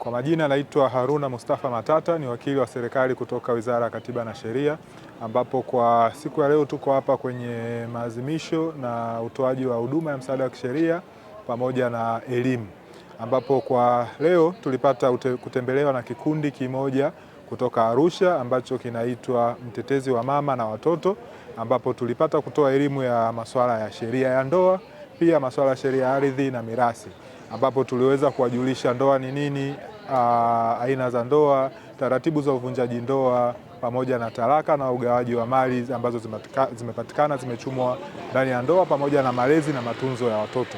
Kwa majina naitwa Haruna Mustafa Matata, ni wakili wa serikali kutoka Wizara ya Katiba na Sheria, ambapo kwa siku ya leo tuko hapa kwenye maadhimisho na utoaji wa huduma ya msaada wa kisheria pamoja na elimu, ambapo kwa leo tulipata kutembelewa na kikundi kimoja kutoka Arusha ambacho kinaitwa Mtetezi wa Mama na Watoto, ambapo tulipata kutoa elimu ya masuala ya sheria ya ndoa, pia masuala ya sheria ya ardhi na mirathi ambapo tuliweza kuwajulisha ndoa ni nini, uh, aina za ndoa, taratibu za uvunjaji ndoa pamoja na talaka na ugawaji wa mali ambazo zimepatikana zimechumwa ndani ya ndoa, pamoja na malezi na matunzo ya watoto,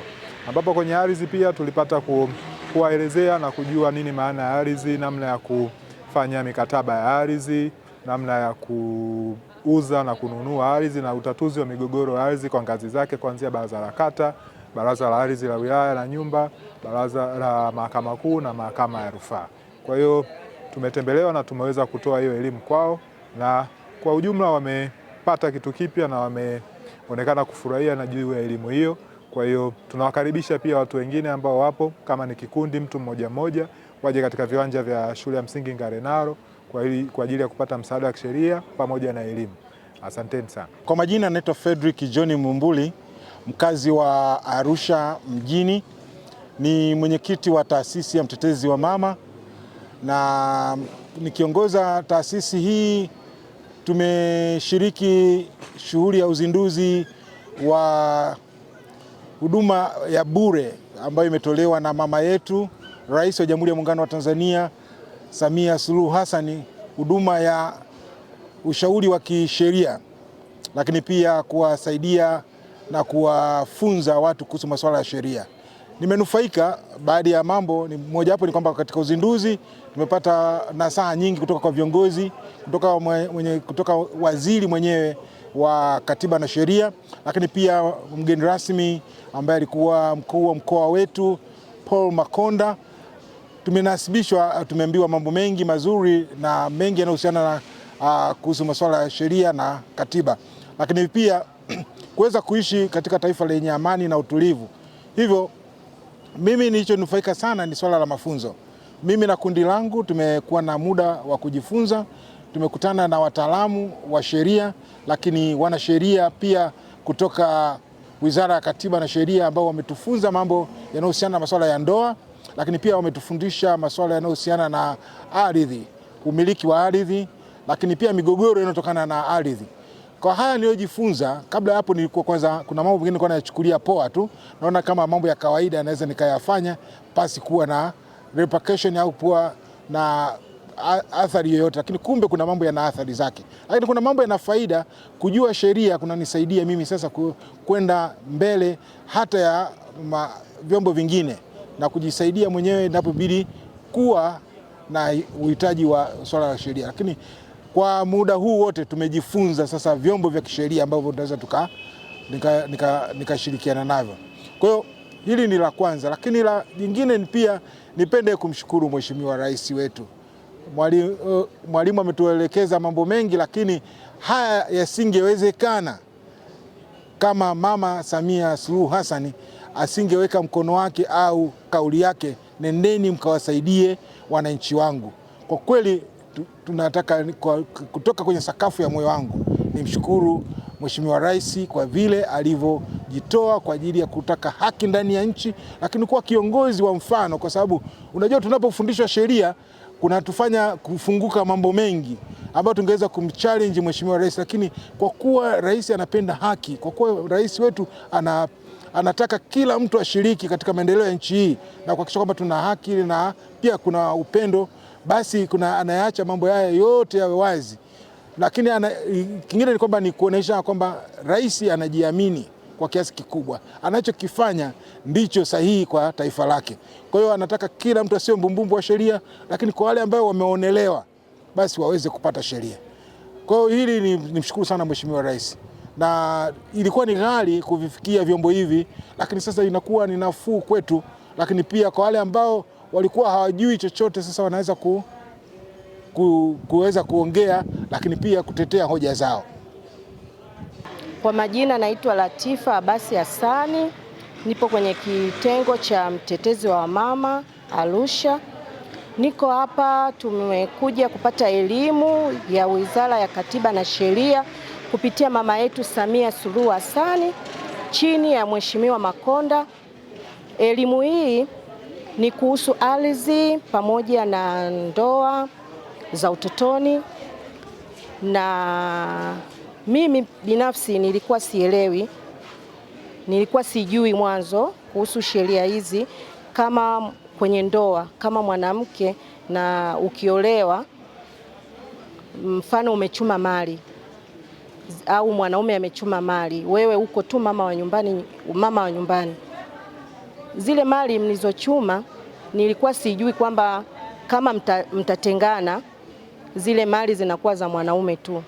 ambapo kwenye ardhi pia tulipata ku, kuwaelezea na kujua nini maana ya ardhi, namna ya kufanya mikataba ya ardhi, namna ya kuuza na kununua ardhi na utatuzi wa migogoro ya ardhi kwa ngazi zake kuanzia baraza la kata baraza la ardhi la wilaya la nyumba, baraza la mahakama kuu na mahakama ya rufaa. Kwa hiyo tumetembelewa na tumeweza kutoa hiyo elimu kwao, na kwa ujumla wamepata kitu kipya na wameonekana kufurahia na juu ya elimu hiyo. Kwa hiyo tunawakaribisha pia watu wengine ambao wapo kama ni kikundi, mtu mmoja mmoja, waje katika viwanja vya shule ya msingi Ngarenaro kwa ajili ya kupata msaada wa kisheria pamoja na elimu. Asanteni sana. Kwa majina anaitwa Fredrick John Mumbuli mkazi wa Arusha mjini, ni mwenyekiti wa taasisi ya mtetezi wa mama na nikiongoza taasisi hii. Tumeshiriki shughuli ya uzinduzi wa huduma ya bure ambayo imetolewa na mama yetu Rais wa Jamhuri ya Muungano wa Tanzania Samia Suluhu Hassan, huduma ya ushauri wa kisheria, lakini pia kuwasaidia na kuwafunza watu kuhusu masuala ya sheria. Nimenufaika baadhi ya mambo, mojawapo ni kwamba katika uzinduzi tumepata nasaha nyingi kutoka kwa viongozi, kutoka, mwenye, kutoka waziri mwenyewe wa katiba na sheria, lakini pia mgeni rasmi ambaye alikuwa mkuu wa mkoa wetu Paul Makonda. Tumenasibishwa, tumeambiwa mambo mengi mazuri na mengi yanayohusiana na uh, kuhusu masuala ya sheria na katiba, lakini pia kuweza kuishi katika taifa lenye amani na utulivu. Hivyo mimi nilichonufaika sana ni swala la mafunzo. Mimi na kundi langu tumekuwa na muda wa kujifunza, tumekutana na wataalamu wa sheria, lakini wanasheria pia kutoka Wizara ya Katiba na Sheria ambao wametufunza mambo yanayohusiana na masuala ya ndoa, lakini pia wametufundisha masuala yanayohusiana na ardhi, umiliki wa ardhi, lakini pia migogoro inayotokana na ardhi. Kwa haya niliyojifunza, kabla hapo nilikuwa kwanza, kuna mambo mengine nilikuwa nayachukulia poa tu, naona kama mambo ya kawaida naweza nikayafanya pasi kuwa na repercussion au kuwa na athari yoyote, lakini kumbe kuna mambo yana athari zake, lakini kuna mambo yana faida. Kujua sheria kunanisaidia mimi sasa kwenda mbele hata ya ma, vyombo vingine na kujisaidia mwenyewe inapobidi kuwa na uhitaji wa swala la sheria, lakini kwa muda huu wote tumejifunza sasa vyombo vya kisheria ambavyo tunaweza tuka nikashirikiana nika, nika navyo. Kwa hiyo hili ni la kwanza, lakini la jingine pia nipende kumshukuru Mheshimiwa Rais wetu uh, Mwalimu, uh, ametuelekeza mambo mengi, lakini haya yasingewezekana kama Mama Samia Suluhu Hassan asingeweka mkono wake au kauli yake, nendeni mkawasaidie wananchi wangu. Kwa kweli tunataka kwa, kutoka kwenye sakafu ya moyo wangu nimshukuru Mheshimiwa Rais kwa vile alivyojitoa kwa ajili ya kutaka haki ndani ya nchi, lakini kuwa kiongozi wa mfano, kwa sababu unajua tunapofundishwa sheria kunatufanya kufunguka mambo mengi ambayo tungeweza kumchallenge Mheshimiwa Rais, lakini kwa kuwa rais anapenda haki, kwa kuwa rais wetu ana anataka kila mtu ashiriki katika maendeleo ya nchi hii na kuhakikisha kwamba tuna haki na pia kuna upendo basi kuna anayaacha mambo haya yote yawe wazi. Lakini ana, kingine ni kwamba ni kuonesha kwamba rais anajiamini kwa kiasi kikubwa, anachokifanya ndicho sahihi kwa taifa lake. Kwa hiyo anataka kila mtu asiwe mbumbumbu wa sheria, lakini kwa wale ambao wameonelewa basi waweze kupata sheria. Kwa hiyo hili ni, ni mshukuru sana Mheshimiwa Rais, na ilikuwa ni ghali kuvifikia vyombo hivi, lakini sasa inakuwa ni nafuu kwetu lakini pia kwa wale ambao walikuwa hawajui chochote, sasa wanaweza ku, ku, kuweza kuongea, lakini pia kutetea hoja zao. Kwa majina naitwa Latifa Abasi Hassani, nipo kwenye kitengo cha mtetezi wa mama Arusha. Niko hapa, tumekuja kupata elimu ya Wizara ya Katiba na Sheria kupitia mama yetu Samia Suluhu Hassani chini ya Mheshimiwa Makonda. Elimu hii ni kuhusu ardhi pamoja na ndoa za utotoni, na mimi binafsi nilikuwa sielewi, nilikuwa sijui mwanzo kuhusu sheria hizi, kama kwenye ndoa, kama mwanamke na ukiolewa, mfano umechuma mali au mwanaume amechuma mali, wewe uko tu mama wa nyumbani, mama wa nyumbani zile mali mlizochuma nilikuwa sijui kwamba kama mta, mtatengana zile mali zinakuwa za mwanaume tu,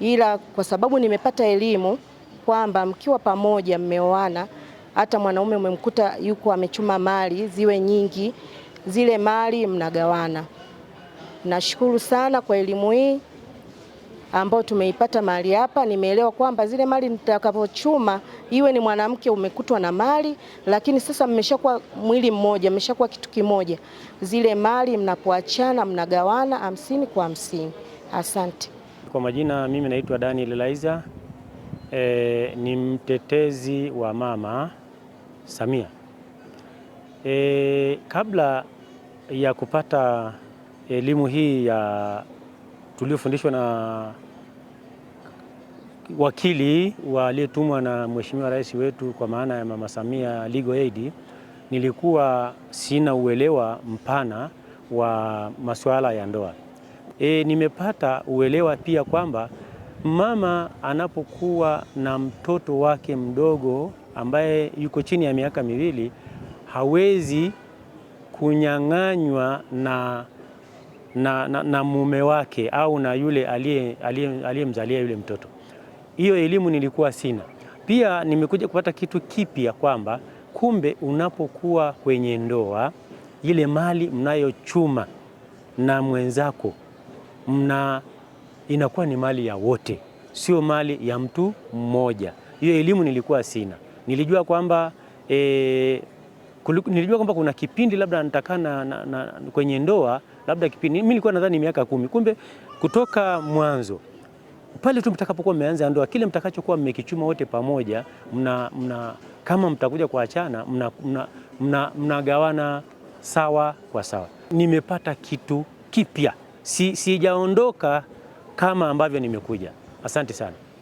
ila kwa sababu nimepata elimu kwamba mkiwa pamoja, mmeoana, hata mwanaume umemkuta yuko amechuma mali ziwe nyingi, zile mali mnagawana. Nashukuru sana kwa elimu hii ambayo tumeipata mali hapa, nimeelewa kwamba zile mali nitakapochuma, iwe ni mwanamke umekutwa na mali, lakini sasa mmeshakuwa mwili mmoja, mmeshakuwa kitu kimoja. Zile mali mnapoachana, mnagawana hamsini kwa hamsini. Asante. Kwa majina, mimi naitwa Daniel Laiza. E, ni mtetezi wa mama Samia. E, kabla ya kupata elimu hii ya tuliofundishwa na wakili waliyetumwa na mheshimiwa rais wetu kwa maana ya Mama Samia Legal Aid, nilikuwa sina uelewa mpana wa masuala ya ndoa. E, nimepata uelewa pia kwamba mama anapokuwa na mtoto wake mdogo ambaye yuko chini ya miaka miwili hawezi kunyang'anywa na, na, na, na mume wake au na yule aliyemzalia yule mtoto hiyo elimu nilikuwa sina. Pia nimekuja kupata kitu kipya kwamba kumbe unapokuwa kwenye ndoa, ile mali mnayochuma na mwenzako mna inakuwa ni mali ya wote, sio mali ya mtu mmoja. Hiyo elimu nilikuwa sina. Nilijua kwamba e, nilijua kwamba kuna kipindi labda nitakaa na, na, kwenye ndoa labda kipindi mimi nilikuwa nadhani miaka kumi, kumbe kutoka mwanzo pale tu mtakapokuwa mmeanza ya ndoa, kile mtakachokuwa mmekichuma wote pamoja mna, mna, kama mtakuja kuachana mnagawana mna, mna, mna sawa kwa sawa. Nimepata kitu kipya, si, sijaondoka kama ambavyo nimekuja. Asante sana.